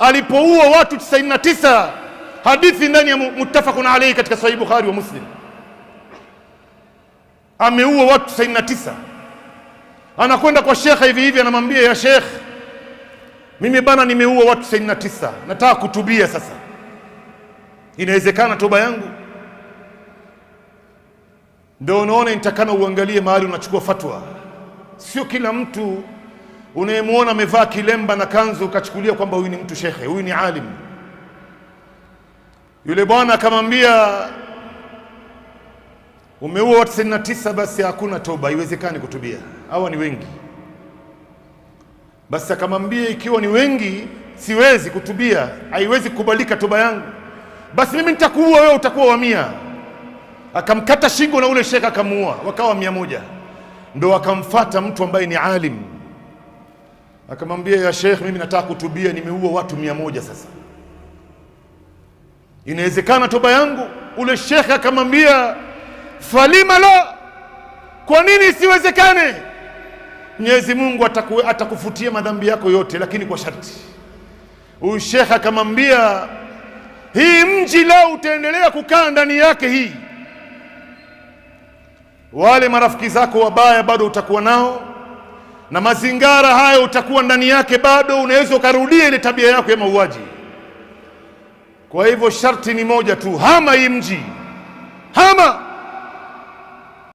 alipoua watu 99 hadithi ndani ya muttafaqun alayhi katika Sahih Bukhari wa Muslim. Ameua watu 99, anakwenda kwa shekhe hivi hivi, anamwambia ya shekhe, mimi bana, nimeua watu 99, nataka kutubia. Sasa inawezekana toba yangu? Ndio unaona nitakana uangalie mahali unachukua fatwa, sio kila mtu unayemwona amevaa kilemba na kanzu ukachukulia kwamba huyu ni mtu shekhe, huyu ni alim. Yule bwana akamwambia umeua watu tisa basi hakuna toba, haiwezekani kutubia, hawa ni wengi. Basi akamwambia ikiwa ni wengi, siwezi kutubia, haiwezi kukubalika toba yangu, basi mimi nitakuua wewe, utakuwa wa mia. Akamkata shingo na ule shekhe akamuua, wakawa mia moja. Ndo akamfata mtu ambaye ni alim akamwambia ya Sheikh, mimi nataka kutubia, nimeua watu mia moja. Sasa inawezekana toba yangu? Ule Sheikh akamwambia falima la, kwa nini isiwezekane? Mwenyezi Mungu ataku, atakufutia madhambi yako yote, lakini kwa sharti. Huyu Sheikh akamwambia hii mji lao utaendelea kukaa ndani yake hii, wale marafiki zako wabaya bado utakuwa nao na mazingara haya utakuwa ndani yake, bado unaweza ukarudia ile tabia yako ya mauaji. Kwa hivyo sharti ni moja tu, hama hii mji, hama